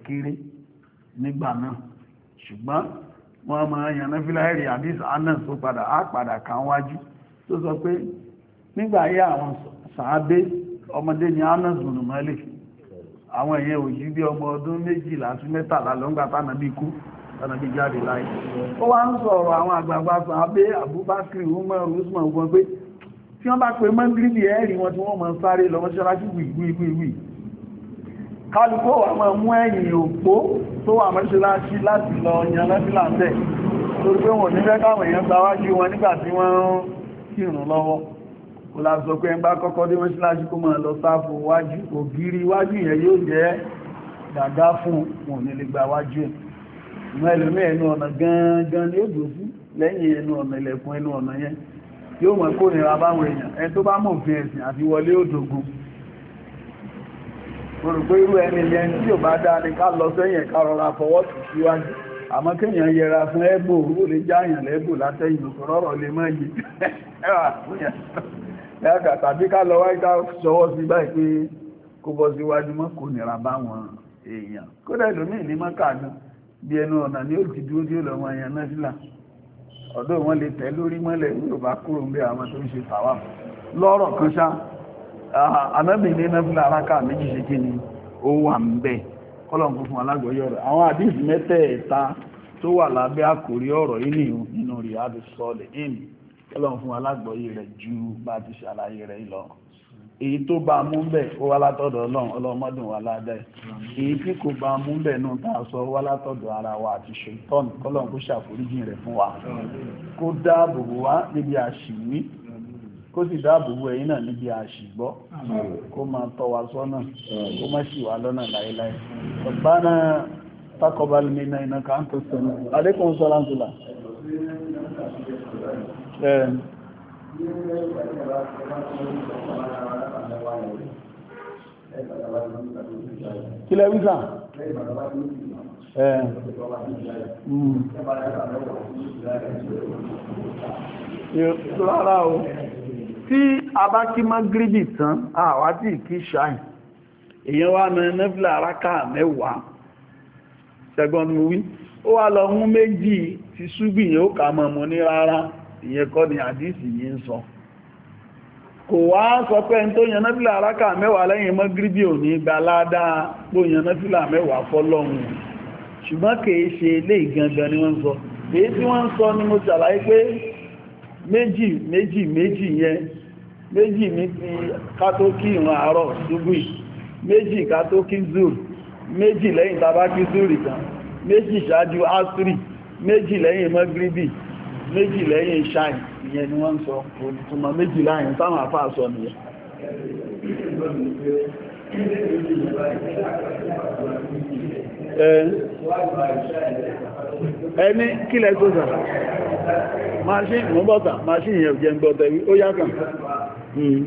ti rí nígbà náà ṣùgbọ́n wọ́n máa yan náfílà ẹ̀rí àdís anas tó padà á padà kàn wájú tó sọ pé nígbà ayé àwọn sàábé ọmọdé ni anas bùnú mọ́lẹ̀ àwọn èèyàn ò yí bí ọmọ ọdún méjìlá sí mẹ́tàlá lọ́ngbà tánàbí kú tánàbí jáde láyé ó wá ń sọ̀rọ̀ àwọn àgbààgbà sàábé abubakar umar usman gbọ́n pé tí wọ́n bá pe mọ́ndírí ẹ̀rí wọn tí wọ́n mọ̀ sáré lọ́wọ́ ṣọ́lá sí wìwìwì kálukú wà máa mú ẹ̀yìn òpó tó wà mọ́ṣáláṣí láti lọ yan lẹ́fílà tẹ̀ torí pé wọ́n ní fẹ́ káwọn èèyàn gbáwájú wọn nígbà tí wọ́n ń kírun lọ́wọ́ kò la sọ pé ẹgbá kọ́kọ́ dé mọ́ṣáláṣí kó máa lọ sáfò wájú ògiri wájú yẹn yóò jẹ́ dàgá fún wọn ní lè gba wájú ẹ̀ ni ó dùn yóò mọ̀ kó nira báwọn èèyàn ẹ tó bá mọ̀ òfin ẹ̀sìn àti wọlé òdògùn rògbé irú ẹni yẹn tí ò bá dáa ni ká lọ sẹ́yìn ká rọra fọwọ́ tì síwájú àmọ́ kéèyàn yẹra fún ẹ́bò ó lè jáàyàn lẹ́bò látẹ̀yìn òṣòrọ́rọ̀ lè mọ́ yìí ẹwà fún yẹn ẹ̀ka tàbí ká lọ wáyé ká sọwọ́ sí báyìí pé kó bọ́ síwájú mọ́ kò nira báwọn èèyàn kódà ìlúmí ní mọ́kàdún bí ẹnu ọ̀nà ni ó ti dúró tí ó lọ wọn yẹn náà sílà ọ̀dọ́ wọn lè tẹ̀ lórí mọ́lẹ̀ yóò bá kúrò ń bẹ àwọn tó ń ṣe tàwa lọ́rọ̀ kan ṣáá anábìnrin ah, nẹ́fìlà aráka méjì ṣe kí ni ó wà ń bẹ̀ kọ́lọ̀kù fún alágbọ̀yọ́ rẹ̀ àwọn àdíṣ mẹ́tẹ̀ẹ̀ta tó wà lábẹ́ àkórí ọ̀rọ̀ inú nínú Riyadu Solihin kọ́lọ̀kù fún alágbọ̀yọ́ rẹ̀ ju bá ti ṣàlàyé rẹ̀ lọ èyí tó bá mú bẹ̀ ó wá látọ̀dọ̀ ọlọ́run ọlọ́mọdún wà ládẹ́ èyí tí kó sì dáàbòbò ẹ̀yin náà níbi àṣìgbọ́ kó máa tọ́ wa sọ́nà kó má ṣì wá lọ́nà láéláé ọ̀gbánà takọ̀bálì mi náà iná kan tó sẹ́nu adékùn sọ́láńtùlà kílẹ̀ wíṣà o tí a bá kí magribi tán àwa tí kí ṣáì èyàn wá mẹ́ nẹ́fìlà aráká mẹ́wàá ṣẹgbọ́n mú wí ó wá lọ mú méjì ti ṣúgbìyàn ó kà mọ̀ mọ̀ ní rárá ìyẹn kọ́ ni àdísì yìí ń sọ kò wá sọ pé ẹni tó yànná fílà aráka mẹ́wàá lẹ́yìn mọ́gíríbì ò ní gba ládáa pó yànná fílà mẹ́wàá fọ́lọ́run ṣùgbọ́n kìí ṣe ilé ìgangan ni wọ́n sọ èyí tí wọ́n sọ ni mo ṣàlàyé pé méjì méjì méjì yẹn méjì ní ti ká tó kí meji àárọ̀ ṣúgbì méjì ká tó zuri méjì lẹ́yìn tàbá kí zuri tán méjì ṣáájú meji méjì lẹ́yìn magribi méjì lẹ́yìn shine ìyẹn ni wọ́n ń sọ òtùmọ̀ méjì láyìn táwọn àfáà sọ nìyẹn ẹni kílẹ̀ tó sọ̀rọ̀ máṣín mú bọ́ta máṣín yẹn jẹ gbọ́ta ó yá kàn hmm.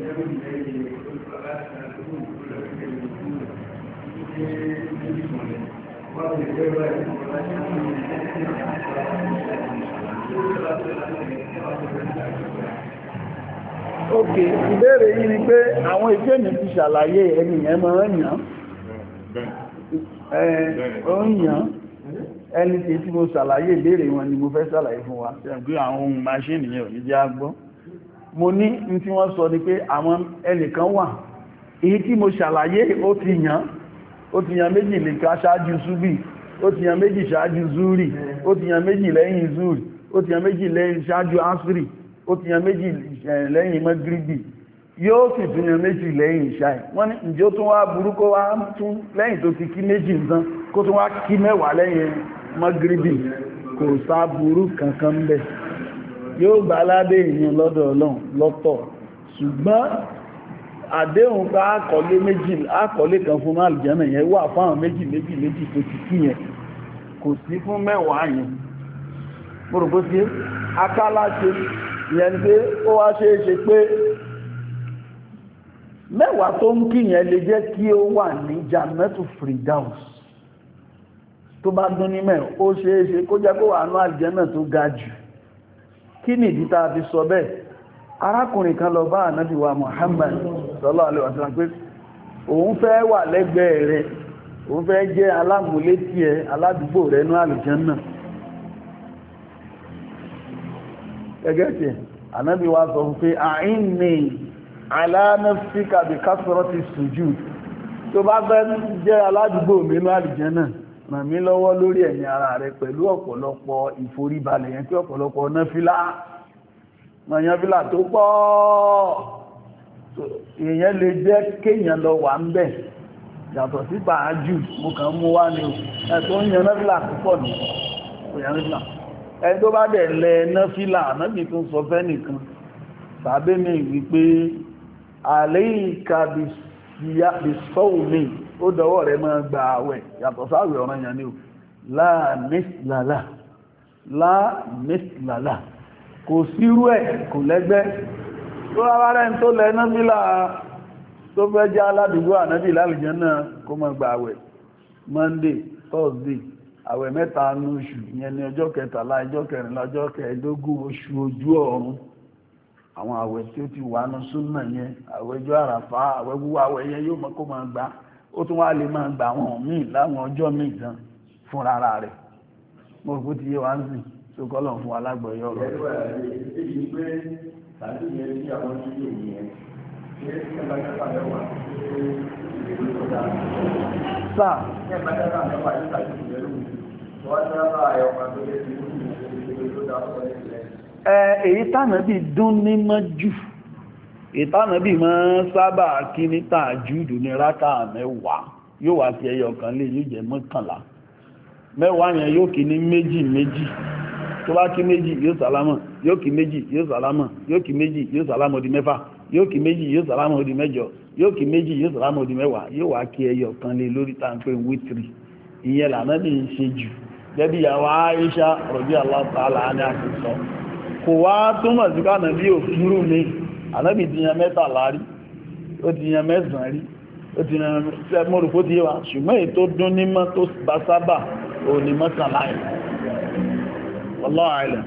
ok ìbéèrè yìí ni pé àwọn ìfẹ́ mi ti ṣàlàyé ẹni ẹmọ ẹ̀yàn ẹ̀yàn ẹni tí tí mo ṣàlàyé ìbéèrè wọn ni mo fẹ́ ṣàlàyé fún wa ṣẹ̀gbé àwọn ohun máṣínì yẹn ò ní jẹ́ agbọ́ mo ní ní tí wọ́n sọ ni pé àwọn ẹnìkan wà èyí tí mo ṣàlàyé ó ti yàn ó ti yàn méjì lè ká ṣáájú ṣúbì ó ti yàn méjì ṣáájú zúrì ó ti yàn méjì lẹ́yìn zúrì ó ti yàn méjì lẹ́yìn ṣáájú asiri ó ti yàn méjì lẹ́yìn magribi yóò sì tún yàn méjì lẹ́yìn ìṣáì wọ́n ní ǹjẹ́ ó wá burúkú wá tún lẹ́yìn tó ti kí méjì nǹkan kó tún wá kí mẹ́wàá lẹ́yìn magribi kò sáburú kankan bẹ̀ yóò gbà aládé èèyàn lọ́dọ̀ ọlọ́run lọ́tọ̀ ṣùgbọ́n àdéhùn ká àkọlé méjì àkọlé kan fún àlùjànnà yẹn wà fáwọn méjì méjì méjì tó ti kí yẹn kò sí fún mẹ́wàá yẹn gbogbo sí akáláṣe yẹn pé ó wá ṣe é ṣe pé mẹ́wàá tó ń kí yẹn lè jẹ́ kí ó wà ní Jannatul Firdaus tó bá dún ní mẹ́ ó ṣeé ṣe kó jẹ́ kó wà ní àlùjánnà tó ga jù kí ni ìdí tá sọ bẹ́ẹ̀ arákùnrin kan lọ bá ànábì wa Muhammad sallallahu alaihi wasallam pé òun fẹ́ wà lẹ́gbẹ̀ẹ́ rẹ̀ òun fẹ́ jẹ́ alámúlétí ẹ aládùúgbò rẹ̀ ní àlùjánnà gẹ́gẹ́ tí ànábì wa sọ pé àìní aláàmẹ́fíkà bí kásọ̀rọ̀ ti ràn mí lọ́wọ́ lórí ẹ̀mí ara rẹ pẹ̀lú ọ̀pọ̀lọpọ̀ ìforíbalẹ̀ yẹn tí ọ̀pọ̀lọpọ̀ náfílà mọ̀yánfílà tó pọ̀ èèyàn lè jẹ́ kéèyàn lọ wà ń bẹ̀ yàtọ̀ sí bàájù mo kàn mú wá ní ẹ̀tọ́ yẹn náfílà púpọ̀ ní ọ̀yánfílà ẹni tó bá dẹ̀ lẹ náfílà ó dọwọ́ rẹ̀ máa gba àwẹ̀ yàtọ̀ sáwẹ̀ ọ̀ranyàn ni o láàmìsìlàlà láàmìsìlàlà kò sírú ẹ̀ kò lẹ́gbẹ́ tó rárá rẹ̀ tó lẹ náfílà tó fẹ́ jẹ́ aládùúgbò ànábì lálùjẹ́ náà kó máa gba àwẹ̀ monday thursday àwẹ̀ mẹ́ta ní oṣù ìyẹn ní ọjọ́ kẹtàlá ọjọ́ kẹrìnlá ọjọ́ kẹẹ̀ẹ́dógún oṣù ojú ọ̀run àwọn àwẹ̀ tí ó ti wà ní súnà yẹn àwẹ̀ ọjọ́ àràfá àwẹ̀ wíwá àwẹ̀ yẹn yóò mọ́ kó máa gbà ó tún wá lè máa gbà wọn míì láwọn ọjọ́ míì gan fún rárá rẹ̀ mo rò pé ti yé wa ń sìn tó kọ́lọ̀ fún alágbọ̀ọ́yé ọ̀rọ̀ rẹ̀. sáà èyí tànà bí dún ní mọ́jú ìtànàbì ma sábà kí ní tààjúdù ní rákà mẹ́wàá yóò wá ti ẹyọ kan lè yóò jẹ mọ́kànlá mẹ́wàá yẹn yóò kí ní méjì méjì tó bá kí méjì yóò sàlámọ̀ yóò kí méjì yóò sàlámọ̀ yóò kí méjì yóò sàlámọ̀ di mẹ́fà yóò kí méjì yóò sàlámọ̀ di mẹ́jọ yóò kí méjì yóò sàlámọ̀ di mẹ́wàá yóò kí ẹyọ kan lè lórí wítìrì ìyẹn ní í ṣe jù Aisha ànábì ti yan mẹ́tàlá rí ó ti yan mẹ́sàn-án rí ó ti yan mọ́rùfó ti wà ṣùgbọ́n èyí tó dún nímọ́ tó bá sábà ò ní mọ́kànlá yìí wallahu a'lam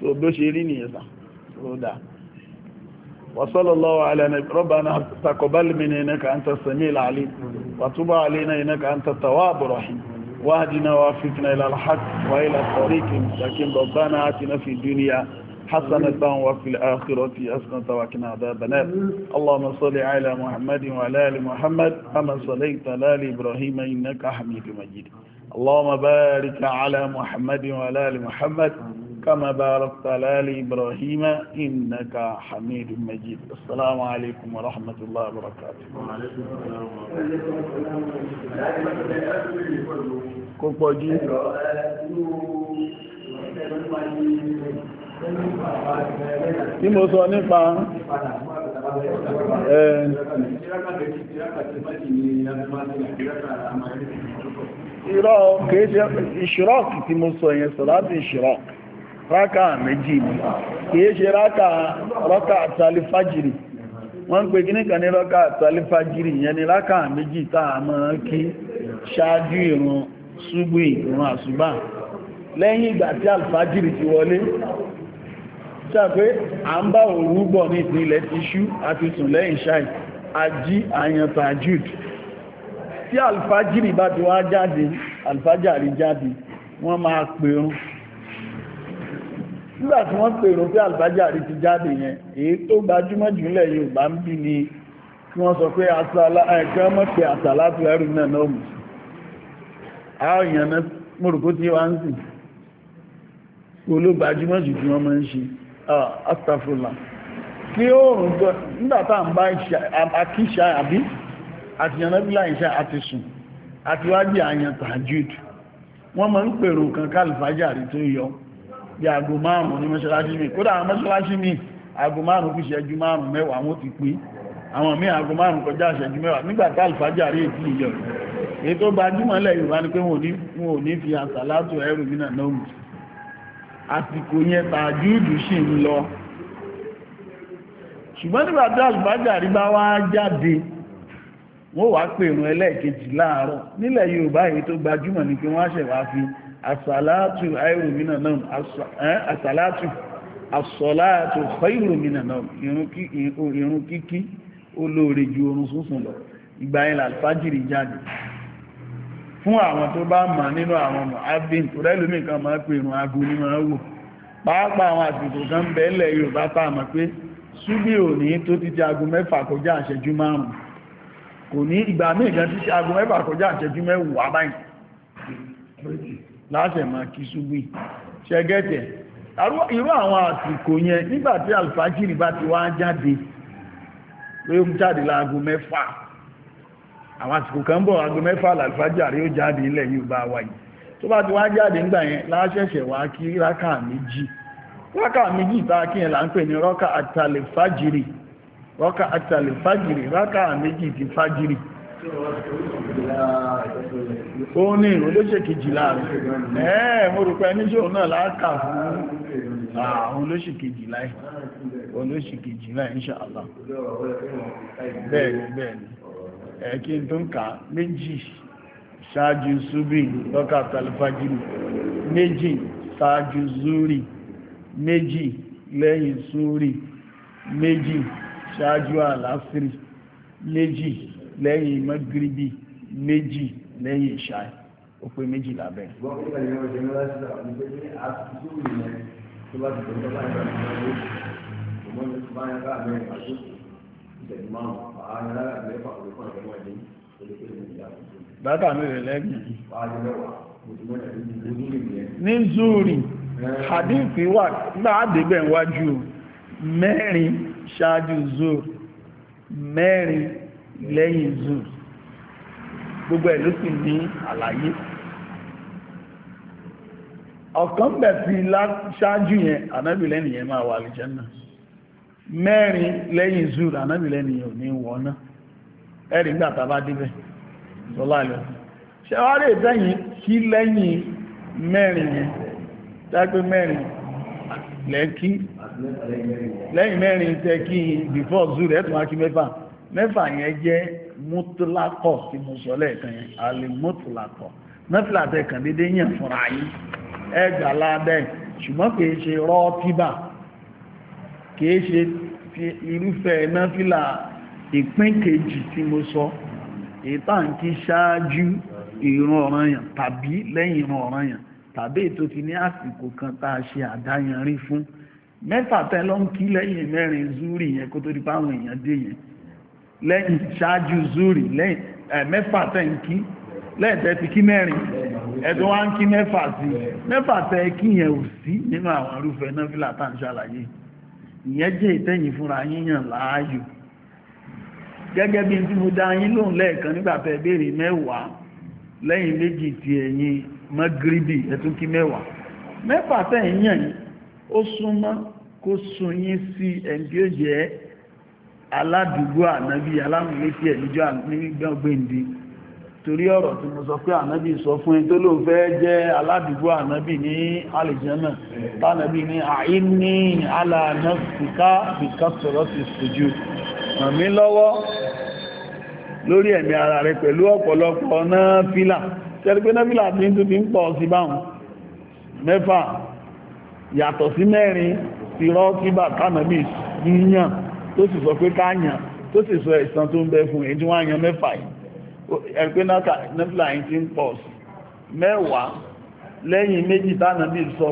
so bí ó ṣe rí nìyẹn sá ó dáa وصلى الله على نبي ربنا تقبل منا إنك أنت السميع العليم وتب علينا إنك أنت التواب الرحيم واهدنا وافقنا إلى الحق وإلى الطريق المستقيم ربنا آتنا في الدنيا حسنة وفي الآخرة حسنة وكنا عذاب النار اللهم صل على محمد وعلى آل محمد كما صليت على آل إبراهيم إنك حميد مجيد اللهم بارك على محمد وعلى آل محمد كما باركت على آل إبراهيم إنك حميد مجيد السلام عليكم ورحمة الله وبركاته وعليكم السلام ورحمة الله وبركاته tí mo sọ nípa ìrọ̀ kìí ṣe tí mo sọ yẹn sọ láti ìṣirọ́kì rákà méjì ni kìí rákà rọ́kà àtàlífàjìrì wọ́n ń pè kí níkan ní rọ́kà àtàlífàjìrì yẹn ni rákà méjì táà kí ṣáájú lẹ́yìn ìgbà tí ti wọlé ṣàpé à ń bá òru bọ̀ ní ìpínlẹ̀ ti ṣú àti sùn lẹ́yìn ṣáì ají àyàntà jude tí alfajiri bá ti wá jáde alfajari jáde wọ́n máa pèrún nígbàtí wọ́n pèrún pé alfajari ti jáde yẹn èyí tó gbajúmọ̀ jùlẹ̀ Yorùbá ń bí ni kí wọ́n sọ pé ẹ̀kẹ́ mọ́ pé àsàlátù ẹrù náà náà mú àwọn èèyàn mọ́rùkú tí wá ń sìn olóògbàjúmọ̀ jù tí wọ́n máa ń ṣe Ah, astagfirullah tí ó rùn gbọ́ nígbàtà ń bá àkíṣà àbí àti yànnábílá ìṣẹ́ àti sùn àti wájí àyàn tàjúd wọ́n mọ̀ ń pèrò kan kálìfàjà tó yọ bí ní mi kódà àwọn mi aago márùn kú ṣẹ́jú márùn ti pín àwọn míì aago márùn kọjá ṣẹ́jú mẹ́wàá àsìkò yẹn tàjúùdù sì ń lọ ṣùgbọ́n nígbà tí àlùbájàrí bá wá jáde wọ́n wá pè ìrun ẹlẹ́ẹ̀kejì láàárọ̀ nílẹ̀ Yorùbá èyí tó gbajúmọ̀ ni pé wọ́n á ṣẹ̀wá fi àsàlátù àìròmínà náà àsàlátù àsọ̀láàtò ọ̀ìròmìnà náà ìrun kíkí olóore ju orun sísùn lọ ìgbà yẹn làlfájìrì jáde fún àwọn tó bá mà nínú àwọn mọ̀hábín tó rẹ́ lómi kan máa pè aago ní máa wò pàápàá àwọn àsìkò kan bẹ́ẹ̀lẹ̀ Yorùbá tá pé ṣúbí ò ní tó ti ti mẹ́fà kọjá àṣẹjú márùn kò ní ìgbà ti ti mẹ́fà kọjá àṣẹjú mẹ́wàá báyìí kí irú àwọn àsìkò yẹn àwọn àsìkò kan bọ̀ aago mẹ́fà làlùfájàrí ó jáde ilẹ̀ yìí bá wà yìí tó bá ti wá jáde ńgbà yẹn láṣẹ̀ṣẹ̀ wá kí rákà méjì rákà méjì tá kí yẹn là ní rákà àtàlẹ̀ fájìrì rákà rákà méjì ti fájìrì ó ní olóṣè kejìlá rẹ̀ ẹ̀kí tó ń kà méjì ṣáájú ṣúbì lọ́kàtà alfajiri méjì ṣáájú zúrì méjì lẹ́yìn ṣúrì méjì ṣáájú àlásìrì méjì lẹ́yìn magribi méjì lẹ́yìn ìṣáì ó pé méjì lábẹ́ Ìgbọ́n bàtà mẹ́rin lẹ́gbìn ní zuri hadithi wà nígbà àdébẹ̀ wájú mẹ́rin ṣáájú zuri mẹ́rin lẹ́yìn zuri gbogbo ẹ̀ ló sì ní àlàyé ọ̀kan bẹ̀ fi ṣáájú yẹn ànábì lẹ́nìyẹn máa wà àlùjánnà náà mẹ́rin lẹ́yìn zuru ànábì lẹ́nìyàn ò ní wọ́ná ẹ̀rí gbà tàbá débẹ̀ sọlá ilẹ̀ ṣẹwárí ìtẹ́yìn kí lẹ́yìn mẹ́rin yẹn dágbé mẹ́rin lẹ́kí lẹ́yìn mẹ́rin tẹ́ kí before zuru ẹ̀tùn wá kí mẹ́fà mẹ́fà yẹn jẹ́ mútúlákọ̀ tí mo sọ lẹ́ẹ̀kan yẹn àlè mútúlákọ̀ mẹ́fìlà tẹ́ kàn déédéé yàn fúnra yín ẹgbàá ládẹ́ ṣùgbọ́n kì í ṣe rọ́ọ́tíbà kìí ṣe irúfẹ́ náfílà ìpín kejì tí mo sọ ìtàǹkì ṣáájú ìrun ọ̀ranyàn tàbí lẹ́yìn ìrun ọ̀ranyàn tàbí ètò ti ní àsìkò kan tá a ṣe àdáyanrí fún mẹ́fà tẹ́ lọ ń kí lẹ́yìn mẹ́rin zúrì yẹn kó tó di báwọn èèyàn dé yẹn lẹ́yìn ṣáájú zúrì lẹ́yìn mẹ́fà tẹ́ ń kí lẹ́yìn tẹ́ ti kí mẹ́rin ẹ̀tọ́ wá ń kí mẹ́fà sí mẹ́fà tẹ́ kí yẹn ò sí nínú àwọn irúfẹ́ náfìlà tá à ń ṣàlàyé ìyẹ́ jẹ́ ìtẹ́yìn fúnra yíyàn láàáyù gẹ́gẹ́ bí tí mo dá yín lóòun lẹ́ẹ̀kan nígbàtẹ̀ bèèrè mẹ́wàá lẹ́yìn méjì ti ẹ̀yìn mẹ́wàá mẹ́fà tí torí ọ̀rọ̀ tí mo sọ pé ànábì sọ fún ẹni tó ló fẹ́ jẹ́ aládùúgbò ànábì ní alìjẹ́nà tánàbì ní àìní aláàánà fìká fìká sọ̀rọ̀ ti sùjú ràn mí lọ́wọ́ lórí ẹ̀mí ara rẹ̀ pẹ̀lú ọ̀pọ̀lọpọ̀ náfílà tẹ́lú pé náfílà tí ń tún fi ń pọ̀ sí báhùn tó sì sọ pé káyàn tó sì sọ ẹ̀san tó ń bẹ fún èyí mẹ́fà yìí ẹgbẹ́ náfìlà yìí ti ń pọ̀ sí mẹ́wàá lẹ́yìn méjì tánà bí sọ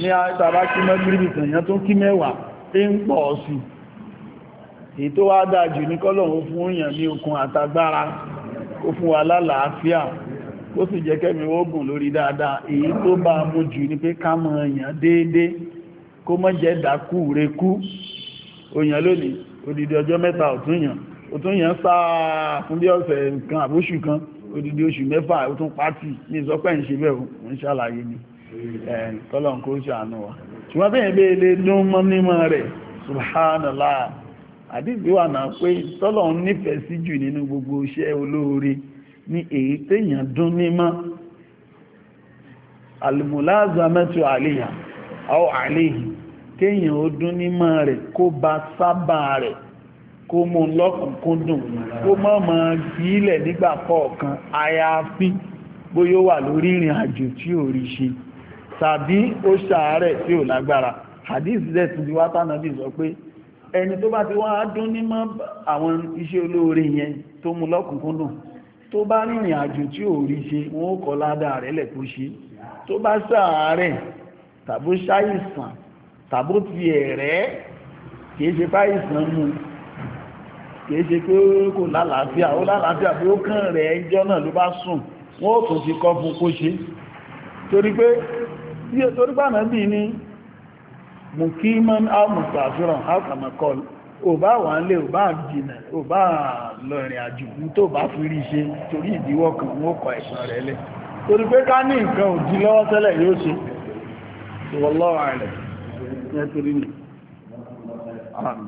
ní àtàbá kí mẹ́gbìrì tàyàn tó kí mẹ́wàá tí ń pọ̀ sí èyí tó wá dájú ní kọ́lọ̀un fún èèyàn ní okun àtagbára ó fún wa lálàáfíà ó sì jẹ́ kẹ́mi ogun lórí dáadáa èyí tó bá mú jù ní pé ká mọ èèyàn déédéé kó mọ́ jẹ́ dákú rekú òyàn lónìí odidi ọjọ́ mẹ́ta ọ̀tún ó tún yàn sáà fún bí ọ̀sẹ̀ kan àbóṣù kan odidi oṣù mẹ́fà ó tún pàtì ní ìsọpẹ́ ń bẹ́ẹ̀ ń ṣàlàyé ni tọ́lọ̀n kó ṣàánú wa ṣùgbọ́n bẹ́ẹ̀ bẹ́ẹ̀ lè dún mọ́ mímọ́ rẹ̀ subhanallah àdíbí wà náà pé tọ́lọ̀n nífẹ̀ẹ́ sí jù nínú gbogbo iṣẹ́ olóore ní èyí téèyàn dún mímọ́ almulazamatu àléyàn àwọn àléyìn kéèyàn ó dún kó mú lọ́kùnkúndùn kó mọ́ mọ́ gílẹ̀ nígbà kọ̀ọ̀kan àyàfi bóyó wà lórí ìrìn àjò tí ò rí ṣe tàbí ó ṣàárẹ̀ tí ò lágbára hadith zed ti wá tánàbí sọ pé ẹni tó bá ti wá dún nímọ́ àwọn iṣẹ́ olóore yẹn tó mú lọ́kùnkúndùn tó bá rìnrìn àjò tí ò rí ṣe wọn ó kọ ládàá rẹ̀ lẹ̀kú ṣe tó bá ṣàárẹ̀ tàbó ṣàìsàn tàbó ti ẹ̀rẹ́ kìí ṣe fáìsàn mú kìí ṣe pé kò lálàáfíà ó lálàáfíà pé ó kàn rẹ̀ ẹjọ́ náà ló bá sùn wọ́n ò tún ti kọ́ fún kó ṣe torí pé bí o torí pàmọ́ bí ní mukiman almustafiran alkamakol ò bá wà ń lè ò bá jìnà ò bá lọ ìrìn àjò ní tó bá fi rí ṣe torí ìdíwọ́ kan wọ́n kọ ẹ̀sán rẹ̀ lẹ̀ torí pé ká ní nǹkan ò lọ́wọ́ tẹ́lẹ̀ yóò ṣe wallahu a'lam